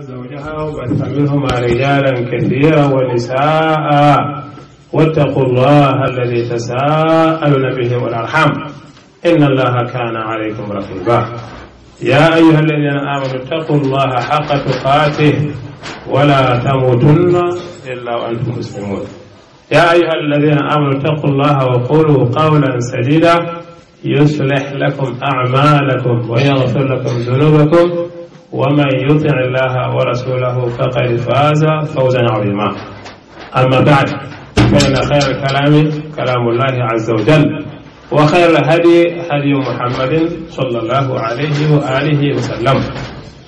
زوجها وبث منهما رجالا كثيرا ونساء واتقوا الله الذي تساءلون به والارحام ان الله كان عليكم رقيبا يا ايها الذين امنوا اتقوا الله حق تقاته ولا تموتن الا وانتم مسلمون يا ايها الذين امنوا اتقوا الله وقولوا قولا سديدا يصلح لكم اعمالكم ويغفر لكم ذنوبكم ومن يطع الله ورسوله فقد فاز فوزا عظيما أما بعد فإن خير الكلام كلام الله عز وجل وخير الهدي هدي محمد صلى الله عليه وآله وسلم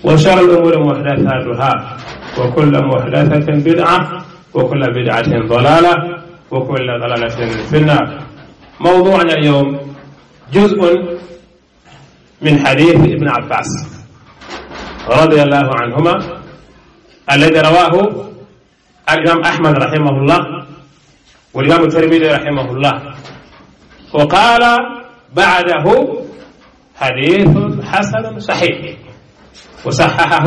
وشر الأمور محدثاتها وكل محدثة بدعة وكل بدعة ضلالة وكل ضلالة في النار موضوعنا اليوم جزء من حديث ابن عباس رضي الله عنهما الذي رواه الإمام أحمد رحمه الله والإمام الترمذي رحمه الله وقال بعده حديث حسن صحيح وصححه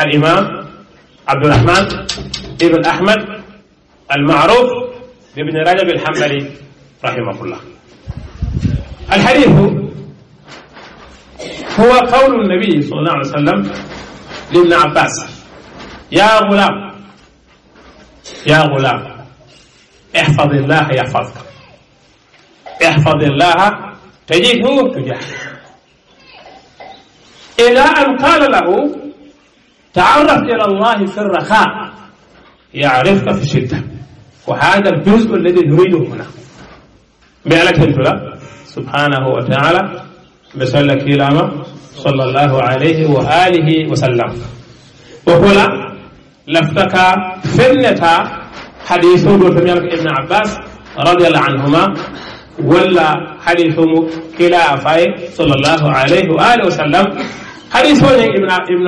الإمام عبد الرحمن ابن أحمد المعروف بابن رجب الحنبلي رحمه الله الحديث هو قول النبي صلى الله عليه وسلم لابن عباس يا غلام يا غلام احفظ الله يحفظك احفظ الله تجده تجاهك إلى أن قال له تعرف إلى الله في الرخاء يعرفك في الشدة وهذا الجزء الذي نريده هنا بعلك لا سبحانه وتعالى مسألة كلامة صلى الله عليه وآله وسلم وقلا لفتك فرنتا حديثه بالفميرك ابن عباس رضي الله عنهما ولا حديثه كلافة صلى الله عليه وآله وسلم حديثه ابن ابن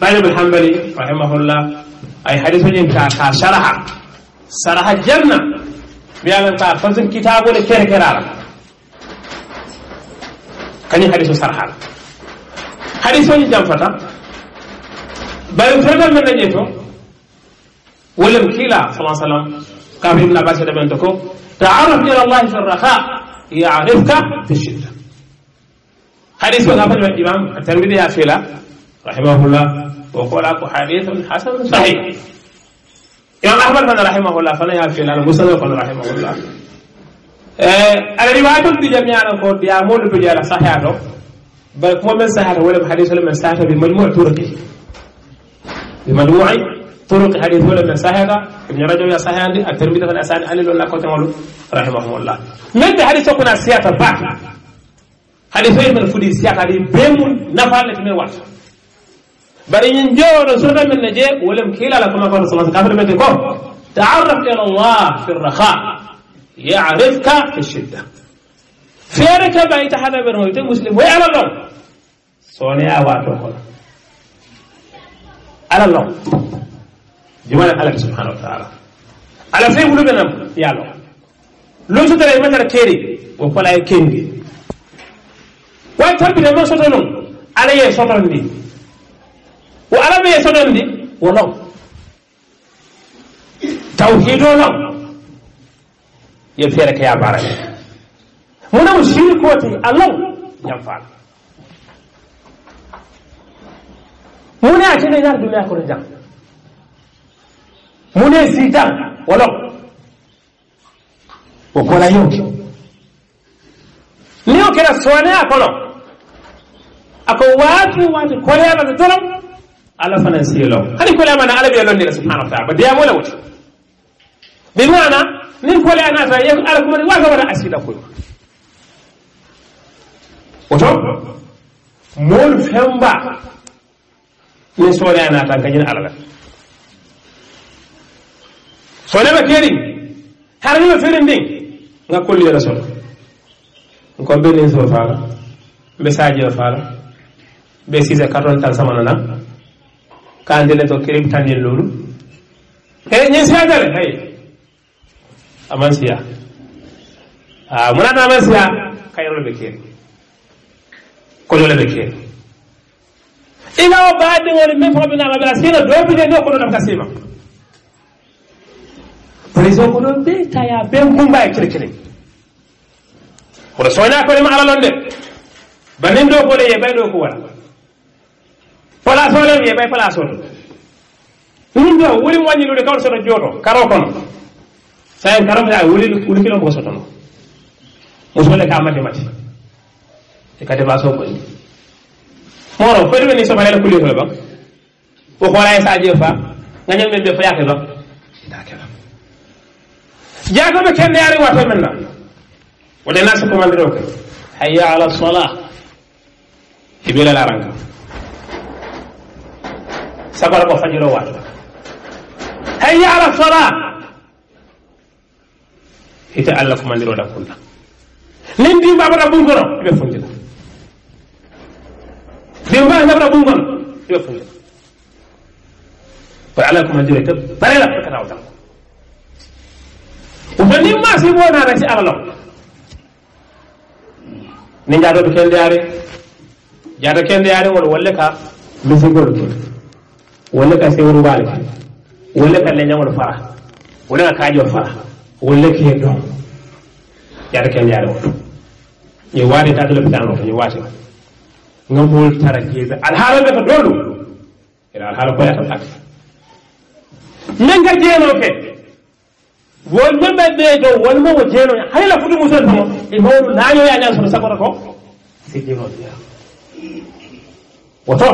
طالب الحنبلي رحمه الله أي حديثه ابن شرح شرح الجنة بيعمل فرزن كتابه لكيه كرارك kañum hadiso sarhana hadisoji jam fata bayo fetal men dañe to ولم كلا صلى الله عليه وسلم كان ابن عباس دبنتكو تعرف الى الله في الرخاء يعرفك في الشده حديث وقف الامام الترمذي يا فيلا رحمه الله وقال اكو حديث حسن صحيح الامام احمد رحمه الله فلا يا فيلا المسلم رحمه الله الروايات في جميع القرآن يأمر بجعل صحيحه بل كم من صحيح ولا حديث ولا من صحيح بمجموع طرق بمجموع طرق حديث ولا من صحيح ابن رجب يا صحيح عندي الترمذي في الأسان أن الله كتم له رحمه الله من الحديث يكون السياق بعد حديث من الفدي السياق هذه بيم نفعل لك من وقت بل إن جو رسول من نجيب ولم كيلا لكم أقول صلى الله عليه وسلم تعرف إلى الله في الرخاء يعرفك في الشدة فيرك بايت حدا برهويت مسلم وي على الله صوني أواتو خلا على الله جمال الله سبحانه وتعالى على فين سيف لبنا يا الله لو شو ترى يمتر ما ترى كيري وفلا يكينجي ويتبين ما سوتنون على يسوتن دي وعلى ما يسوتن دي ولو توحيد ولو yo feere ka yabara mona mo siri koti alaw jam faala mone a tene nar duniya kono jam mone si jam walaw o kola yo leo kera sone a kono ako waatu waati koleyanata dolam ala fanan silo hani kolemana ala ɓe londira subhanahu wa taala ba diyamola wuti bi mana nin fole a naata yeeko ala kumani waasa wata asila koyma oto moolu femba ye soole a naata kañin ala la soolema keeriŋ haranima feeriŋ ndiŋ nga kolli yela soto nko mbe nin soo faala be saajio faala mbe siise katon tan samanana kaandile to kirib tanil loolu e ñin seedale hey aman siya ah, muna ta aman siya kayan lobe ke kodo lobe ke ina wa ba din wani min fa bina mabira sina do bi ne ko don kasima prison ko don be ta ya be gumba kire kire ko so ina ko ma ala londe banin do ko le ye bay do ko wala pala so le ye bay pala so dum do wuri mo nyi lu de kaw so do jodo karo kono sayankaram ta wuli wuli kilo ko sotono musole ka mate mate e kade baso ko ni moro ko ni so balala kuli ko ba ko xola e saje fa nganyam be be fa yake ba dake ba jaago be kende ari wato men na wala nas ko mandiro ko hayya ala salah ibela la ranka sabar ko fajiro wato hayya ala salah ite allah ko mande oɗa kunna nden ndin mbabata ɓumkono ɓe fontita ndin mbawi nabata ɓumkono ɓe fontita kono ala ko mandiro tab la kata o tan o fanni ma si wonata si ala law ne jaadoɓe kendeyare jaada kendeyare wala wala ka misigol wala ka sewru mbaali wala ka leñagol fara wala ka kaajo fara wallakiyedoo yarken yaro ye waade tatalo pitano to ye waati nga mool tara jeebe alhaala be ko doolu ila alhaala koya tan ak men ga jeeno ke wonɓe ɓe ɓeedo wonmo wo jeeno hayla fuɗi musel tomo e ya laañoyaña soto sabata ko si ya woto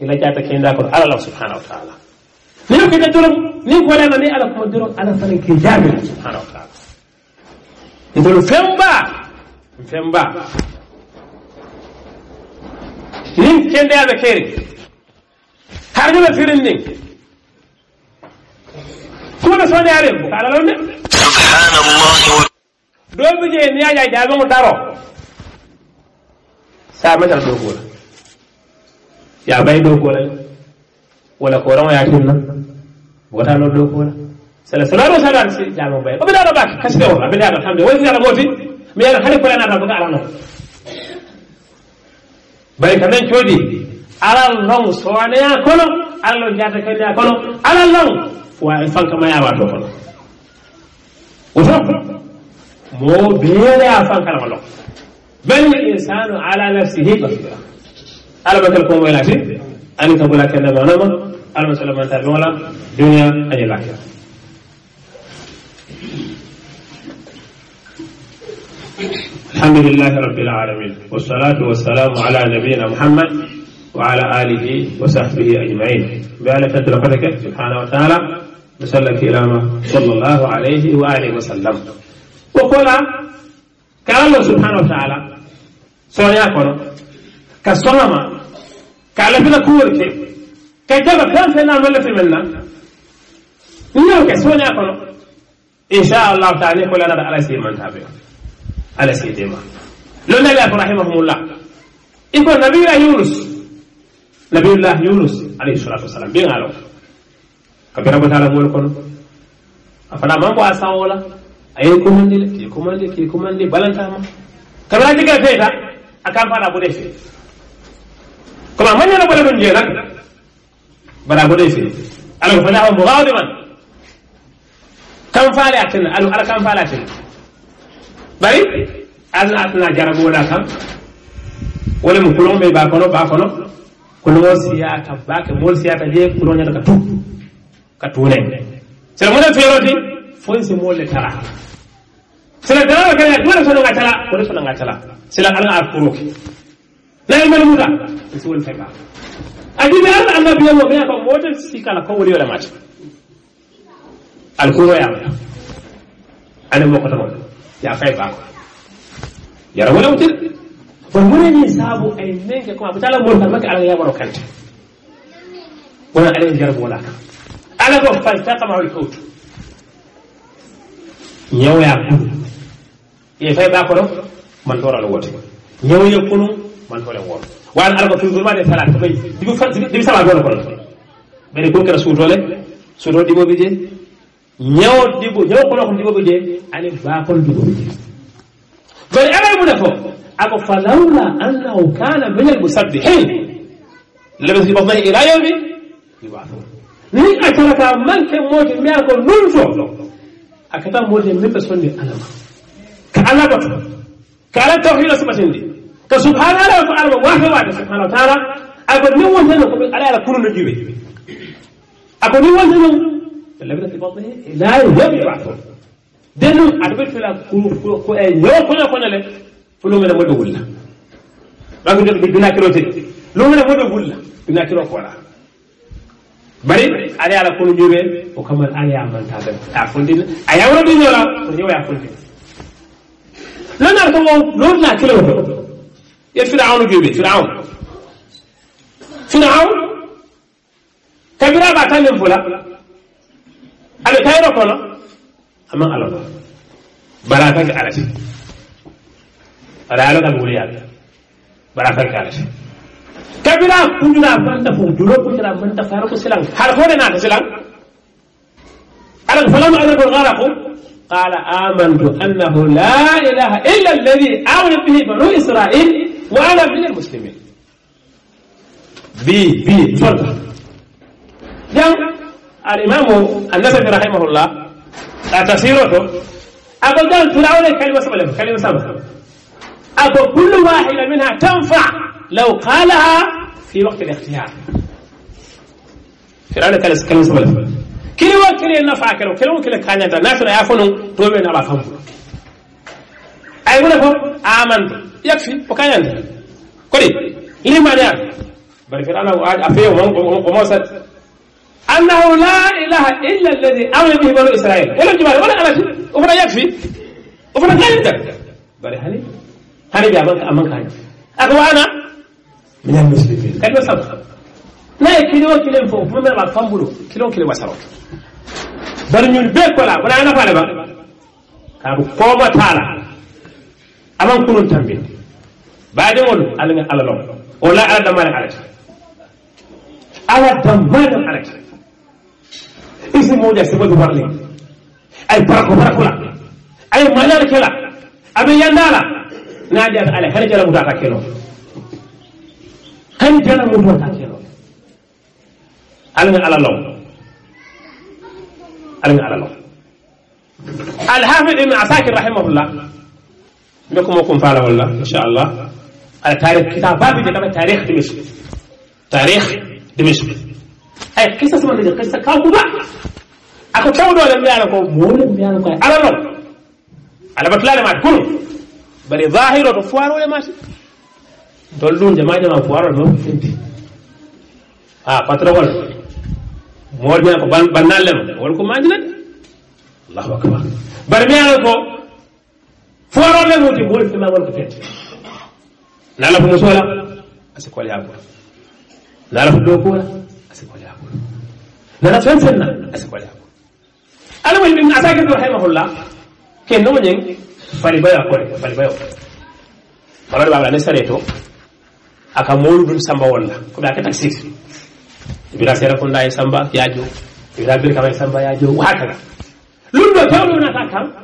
ila jaata ko alah subhanahu wa taala nin fita dɔrɔn ni bɔlɛma ni ala kuma dɔrɔn ala fana k'i jaabi subhanahu wa ta'ala ntolo fɛnba fɛnba nin kendeya bɛ kɛri harni bɛ firin ne kuma bɛ sɔni yare ko ala lɔn dɛ dɔw bɛ jɛ n'i y'a y'a jaabi ŋo darɔ saa mɛ tara ko la yaa bɛ ko la walla ko waramo yaatir noon wota noddoo ko wala sala salatu wasalam si jaama baye o ɓidaɗo ɓaake kaside o abidaɗo alhamdu wayitiɗaɗo mooti mi yaɗa hade kolenata boga ala noon bayi ka men coodi alal long sowaneya kono alalo jata kaniya kono alal long wa fanka ma yawa to kono woto mo beeneya fankalama long bel insanu ala nafsihi basira alabakal komoylati ani ka bula kenda dona ma alma salama ta dola duniya ani الحمد لله رب العالمين والصلاة والسلام على نبينا محمد وعلى آله وصحبه أجمعين بأن تتلقتك سبحانه وتعالى وسلم في صلى الله عليه وآله وسلم وقال كان الله سبحانه وتعالى صلى سوريا كونو وسلم kala fila kuwol ke ka jaba fen fe na wala fe menna nyaw ke sonya kono insha Allah ta'ala ko lana da ala sai man tabe ala sai de ma lo rahimahumullah iko nabi yunus nabi yunus alayhi salatu wasalam bi ngalo ka garabo tala mo kono afana mambo asawola ayi ko mandi ke ko mandi ke ko mandi balanta ma kamala diga feta akan fara bude fe comme a mañana bala ɗon jeenak bala goɗoy fe ala ko fanaha mugadiman kam faale a tena aɗa ala kam faale a tena ɓari alna atana jarabo wala kam wala mo kulon ɓe ba kono ba kono kulon ba bake mol siyata je kulon ñata ka tu ka tune sera mona feeroti fon si mol le tara sera tara kala dole sono nga tara wala sono nga tara sila alga a kuroke layalmal huda e suwol feɓa adimi alla allah biyamo ɓeya kam wote sikala ko woni wala alkuroyamaya ana mokotama ya fay bako yara wala wutir bon wonani saabu ay menke koma ɓe tala makke ala yamaro kante wona ala jarabo wala kam ala ko faltakama alhawtu ñawoya kuɗum e fay bako ɗo man toralo wote ñawoye kunum man ko leen woon waaye nag alako toujours ma de salat ko bay dibi fa dibi sama gono ko bere ko kala suutole suuto dibo bi je ñewo dibo ñewo ko ko dibo bi je ani ba ko dibo bi je bari ala mu defo ako falawla annahu kana min al-musabbihin labas yubdai ila yawmi yub'athun ni ataraka man ke moti mi ako nunto akata moti mi personne alama ka alaba ka ala tawhid sumatindi to subhanallah ko alba wafe wade subhanahu taala ako ni wontano koɓe ala ala kuruno juwe ako ni wontano labirati bae la yoɓe wato den noon aɗa ɓe fela ko e ñoo kono konole fo longene moɗo wulla ɗako nde dunakiro tedi longene moɗo wulla dunakiro kola bari ala ala kuruno juwe o kamal ala yamantaɓe a fondina a yawro ɗiñola ko ñowa fundina lonar ko o lorna kilo ɗo يا فرعون جيبي فرعون فرعون كبيرة باتان فلا أنا تايرو كنا أما ألو براتا كارشي رأي لك أقولي هذا براتا كارشي كبيرة كنجنا بنتا فوجرو كنجنا بنتا فارو كسلان هاركونا نادس سلان أنا فلان أنا بقول قال آمنت أنه لا إله إلا الذي آمن به بنو إسرائيل وانا من المسلمين بي بي تفضل يعني الامام النسفي رحمه الله تفسيره اقول قال تراول كلمه سبع كلمه سبع اقول كل واحده منها تنفع لو قالها في وقت الاختيار فرعون كان كلمه سبع kili wa kili na fa kero kilo kile kanya ta na sura ya funu أيقولكم be yakfi o kañande kodi limane ar bari fir anahu aaj a feew man omo sat annahu la ilaha illa alladi amana bihi banu israil wala jumare wala alati o fota yakfi o fota kañintan bari hani hani ɓe amanka amankaani aka wana min al muslimin kadi o sabu naye kili o kilen fof mumene ɓa fambuɗo kilon kile wasaroto bari ñun bee kola wona nafade ba kaabu koomataala aman kunun tambinde بعدين على الله ولا على دمار على شيء على دمار على شيء اسم موجة اسم موجة بارلي أي بركة بركة لا أي مالك كلا أبي يندالا نادي على هني جل مدرك كيلو هني جل مدرك كيلو على الله على الله الحافظ ابن عساكر رحمه الله لكم وكم فعل والله إن شاء الله على تاريخ كتاب بابي ده تاريخ دمشق تاريخ دمشق أي قصة سمعت دي قصة كاكوبا أكو تاودو على ميانا كو مولا ميانا كو على نو على بطلال ما تقول بري ظاهرة فوارو ولا ماشي دولون جماعة جماعة فوارو نو ها بطرة ولا مول ميانا كو بنال لهم ولكو جنت الله أكبر بري ميانا فوار ولا لهم تي مول سما ولا فيتي na alafundokola asikwali hapo nala alafundokola asikwali hapo nala alafunsenna asikwali hapo ala wal min asaka do rahimahullah ke no nyen fali baya ko fali baya ko mala baba ne sareto aka molu dum samba walla ko be aka taksir bi sera ko samba yajo bi rabbi kama samba yajo kala lundo tawu na takam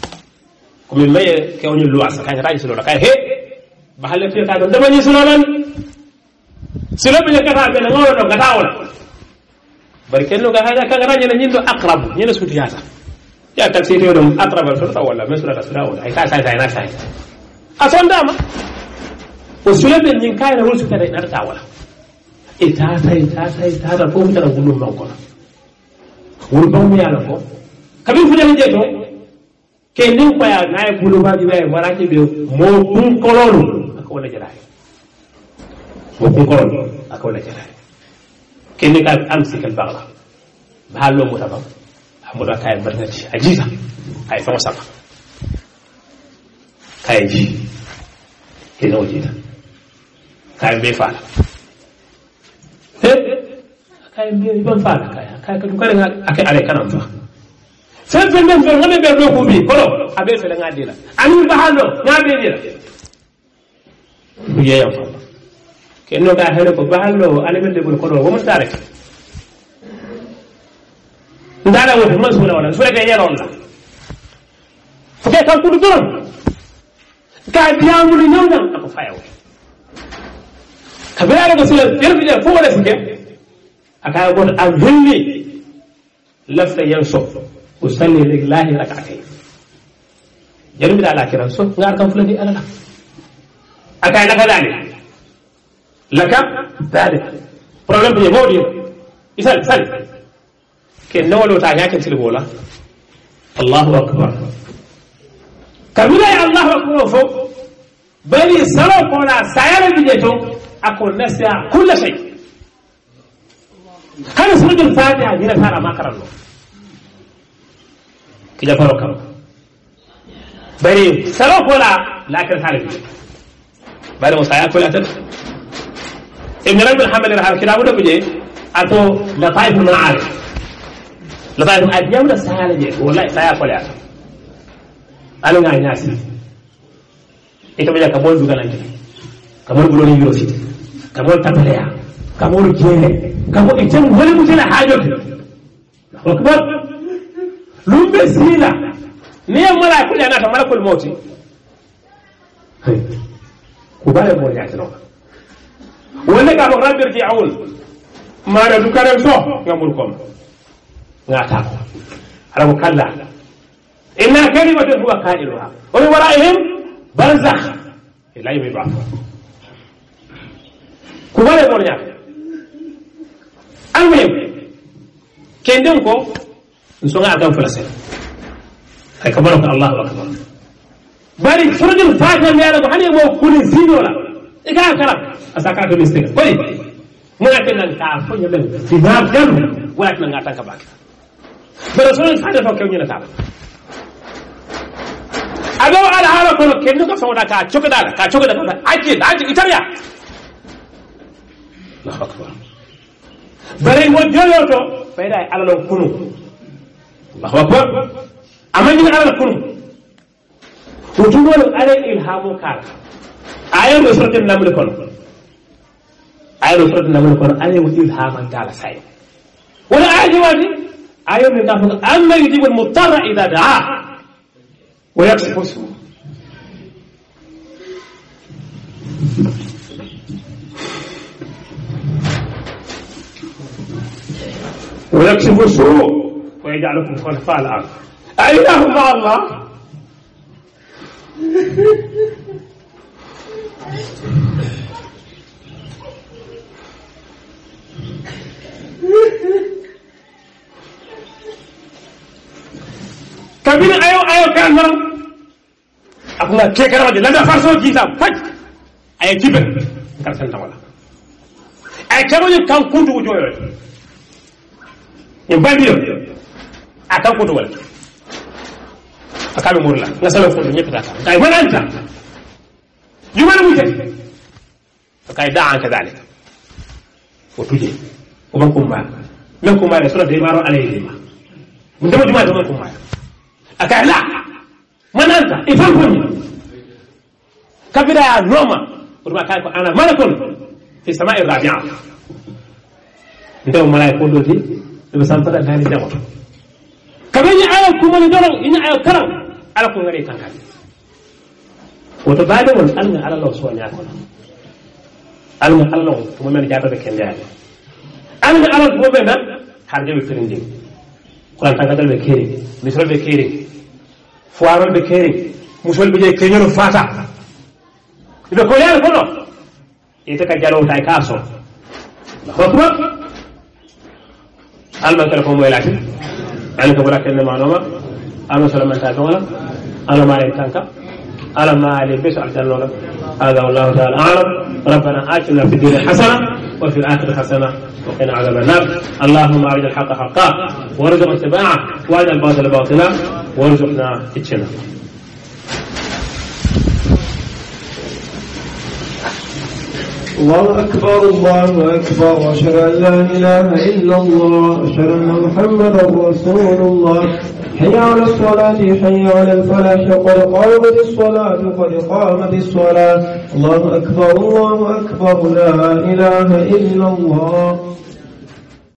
ko min maye kewñol luwasa kay kataji silona kaya he ba halle fiya ka ɗon damañi silo nan silo ɓe ñakkata ɓene gawno ɗo gata wona bari kenno ga haja kangata ñene ñin ɗo acrabe ñene sutuyata ya taxi tew ɗum acrabe sotota wala mais sotata sota wona ay ka sa sayna say a sondama o silo ɓen ñin kayna wol sukata naɗata wala e tata e tata e tata fof tata gullum mankono wol bawmiyala ko kamin fuɗani ke nin kwaya na ye bulobadi ba ye warake be mo kun kololu akaw la jara ye mo kun kololu akaw la jara ye ke ni ka amsik al bagla ba lo mo taba amuda kay barnati ajiza ay fa masaka kay ji ke no jita kay be fa he kay be don fa kay kay ka dukare ngal akay ale kanam fa fen fen ɓen fen hoɓe ɓerɗo kuuɓi kono aɓe fela gaddila amin bahan ɗo gaɓe dila yeyam falla kenno ka hene ko bahalɗo o alamelde ɓuri koɗo womo tare ndaɗa wote man suuna wala suurake ñalonla foke kankuɗo doron ka diyamude ñawdam ako fayawo ka biraɗe ko sula yerfiɗen fof waɗa sike akaya goto a welli lafta yen so وصلي لله ركعتين جرم لا كيران سو نار كم فلدي ألا لا أكاي لك ذلك لك ذلك بروبلم بيه مودي يسال سال كي نولو تاكي هاكي تلبولا الله أكبر كمينا يا الله أكبر فوق بني سلام قولا سيارة بجيتو أكون نسيا كل شيء خلص رجل فاتحة جينا سارة ما قرر له ila barokam bari salo kola la kan tare bari mo saya kola tan ibn rabbil hamdan rahal kitabu da buje ato la taif ma'al la taif adiyaw da sala je wallahi saya kola ala nga nyasi ita bija kabol duga nan kabol bulo ni yurositi kabol tapalea kabol jele kabol itan wala mutala hajot akbar bismillah niye mola ya kule anata malakul mauti kubale mo ya tino wonde ka bokra bir awul mara du karen so ngamul kom ngata ala ko kalla inna kalimatan huwa qailuha wa min wara'ihim barzakh ila yawmi ba'th kubale mo ya almuhim kenden ko nsonga akan fulasel ay ko borom allahu akbar bari suratul fatiha mi ala hani mo kuli sinola e ka kala asaka to mistake bari mona kenan ta fo nyabe fina kan wala tan ngata ka baki bari suratul fatiha to kewnyela ta ado ala hala kono kenno ko sawda ka chokda ka chokda ka aje aje itariya allahu akbar bari wo jolo to fayda ala lon kunu allahu akbar أمن من على الكل فجول على إلهام كار أي نصرة النمل كل أي نصرة النمل كل أي إلهام كار سعي ولا أي جواد أي من نفس أما يجيب المضطر إذا دعا ويكشف السوء ويكشف السوء ويجعلكم خلفاء الأرض أإله مع الله kabila ayo ayo kan maram akuma ke karama de landa farso jisa faj ay tibe kar san tawala ay kamo ni kan kuntu joyo ni bandi yo akan kuntu wala a kaaɓe gurla gasala fo ɗo ñeppita ka kay waɗani tan jumana muyte o kay da an kadalik o tuje oman kumbal min kumbale sonate maro alaydema mi ndema jumade oman kumbal a kay la mananta e fan foñi kabiraya nooma oɗuma kay ko ana malakon fi samai rabia ndew malay ko ɗo de ɗoɓe santaɗa tani ndewoto kaɓe ñi ayo kumani doron iñi ayo karan ala ko ngari kan kan woto baade won alna ala law so nya ko alna ala law to men jaata be kende ala alna ala to be na har jabe firinde kuran tan kadal be kere misol be kere fuarol be kere musol be je kenyoro fata ibe ko yar ko no ite ka jalo tay ka so hokma alman kala ko moy lati an ko wala kenna manoma أنا سلمان تابعنا أنا مالي تانكا أنا مالي بس الله هذا والله تعالى أعلم ربنا آتنا في الدين حسنة وفي الآخرة حسنة وقنا عذاب النار اللهم أرجع الحق حقا وارزق اتباعه وأرجع الباطل باطلا وارزقنا اجتنابه الله أكبر الله أكبر أشهد أن لا إله إلا الله أشهد أن محمدا رسول الله حي على الصلاة حي على الفلاح قد قامت الصلاة قد قامت الصلاة الله أكبر الله أكبر لا إله إلا الله